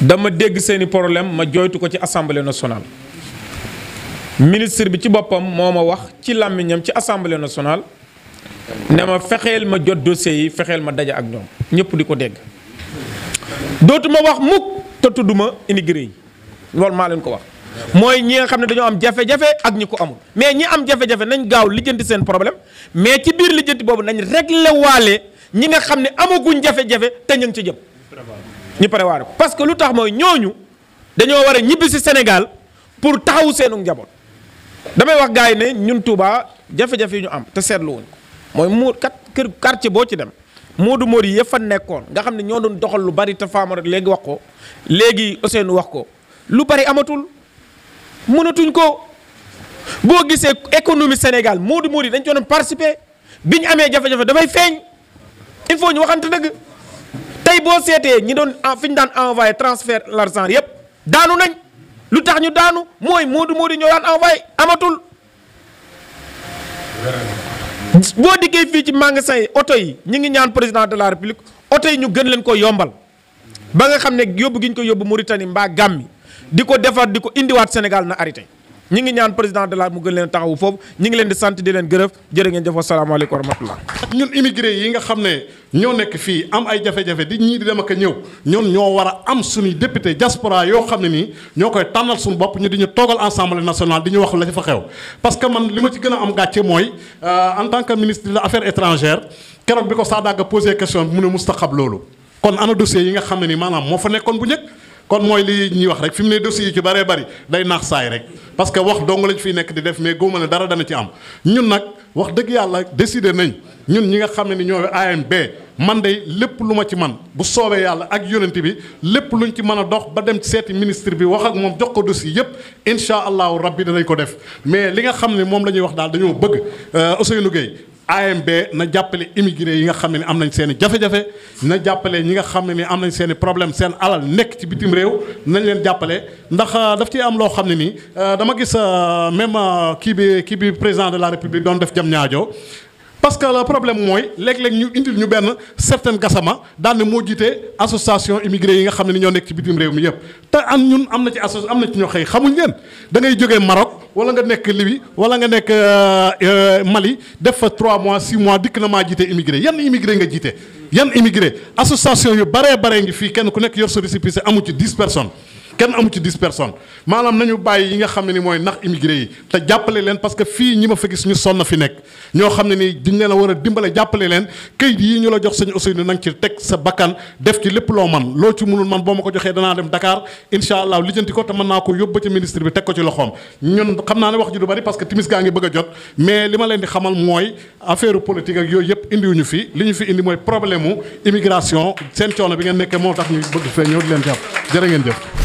dama dégg seeni problème ma jooytu ko ci assemblée nationale ministre bi ci boppam moo ma wax ci làmmiñam ci assemblée nationale ne ma fexeel ma jot dossier yi fexeel ma daja ak ñoom ñëpp di ko dégg dootuma wax mukk te tudduma immigré yi loolu maa leen ko wax mooy ñi nga xam ne dañoo am jafe-jafe ak ñi ko amul mais ñi am jafe-jafe nañ gaaw lijjanti seen problème mais ci biir lijjanti boobu nañ réglé waale ñi nga xam ne amaguñ jafe-jafe te ñu ngi ñu pare prévoir ko parce que lu tax mooy ñooñu dañoo war a ñibbi si Sénégal pour taxawu seenu njaboot damay wax gars yi ne ñun Touba jafe-jafe yi ñu am te seetlu wuñ ko mooy muur kat kër quartier boo ci dem Moodu mor yi yëpp fa nekkoon nga xam ne ñoo doon doxal lu bari te faama rek léegi wax ko léegi Ousseynou wax ko lu bari amatul mënatuñ ko boo gisee économie Sénégal Moodu Moor yi dañ ci doon participer bi ñu amee jafe-jafe dafay feeñ il faut ñu waxante tey boo seetee ñi doon fi ñu daan envoyé transfert l'argent yépp daanu nañ lu tax ñu daanu mooy moodu moodi ñoo daan envoyé amatul. boo dikkee fii ci magasin yi oto yi ñu ngi ñaan président de la république oto yi ñu gën leen ko yombal ba nga xam ne yóbbu gi ñu ko yóbbu Mauritanie mbaa Gàmbi di ko defar di ko indiwaat Sénégal na arrêté. ñi ngi ñaan président de la mu gën leen taxawu foofu ñi ngi leen di sant di leen gërëm jërë ngeen jëf wasalaamaaleykum wa rahmatullah ñun immigré yi nga xam ne ñoo nekk fii am ay jafe-jafe di ñii di dem ak a ñëw ñun ñoo war a am suñuy député diaspora yoo xam ne nii ñoo koy tànnal suñu bopp ñu di ñu toogal assemblée nationale di ñu wax la ci fa xew parce que man li ma ci gën a am gàcce mooy euh, en tant que ministre des affaires étrangères keroog bi ko Sadaga question bi mu ne mustaxab loolu yi nga xam ne nii maanaam moo fa nekkoon bu njëkk kon mooy li ñuy wax rek fi mu ne dossier yi ci bëree bari day naax saay rek parce que wax dong lañ fiy nekk di def mais góoma ne dara dana ci am ñun nag wax dëgg yàlla décidé nañ ñun ñi nga xam ne ni ñooy AMB man de lépp lu ma ci man bu soobee yàlla ak yonent bi lépp lu luñ ci mën a dox ba dem seeti ministre bi wax ak moom jox ko dossier yëpp incha allahu rabbi danañ ko def mais li nga xam ne moom la ñuy wax daal dañoo bëgg euh, Ousseynou Gueye AMB na jàppale immigré yi nga xam ne am nañ seen i jafe-jafe na jàppale ñi nga xam ne ni am nañ seen i problème seen alal nekk ci bitim réew nañ leen jàppale ndax euh, daf ci am loo xam ne nii euh, dama gis euh, même kii bi kii bi président de la république doon def jam ñaajo parce que le problème mooy léeg-léeg ñu indil ñu benn certaine gasama daan moo jiite association immigré yi nga xam ne ni ñoo nekk ci bitim réew mi yëpp te am ñun am na ci asso am na ci ñoo xëy xamuñ leen da ngay jógee wala nga nekk Libi wala nga nekk euh, euh, Mali def fa 3 mois 6 mois dikk na maa jiite immigré yan immigré nga jiite. yan immigré association yu bare baree ngi fii kenn ku nekk yor sa récépissé amu ci 10 personne kenn amu ci dix personnes maanaam nañu bàyyi yi nga xam ne ni mooy nax immigré yi te jàppale leen parce que fii ñi ma fa suñu ñu sonn fi nekk ñoo xam ne nii diñ leen war a dimbale jàppale leen këyit yi ñu la jox sëñ Ousseynou nanga ci teg sa bakkan def ci lépp loo man loo ci mënul man boo ma ko joxee danaa dem Dakar incha allah lijjanti ko te mën naa ko yóbbu ci ministre bi teg ko ci loxoom ñun xam naa ne wax ji du bari parce que timis gaa ngi bëgg a jot li ma leen di xamal mooy affaire politique ak yooyu yëpp indiwuñu fi li ñu fi indi mooy problème mu immigration seen coono bi ngeen nekkee moo tax ñu bëgg ñëw di leen jàpp jërë ngeen jëf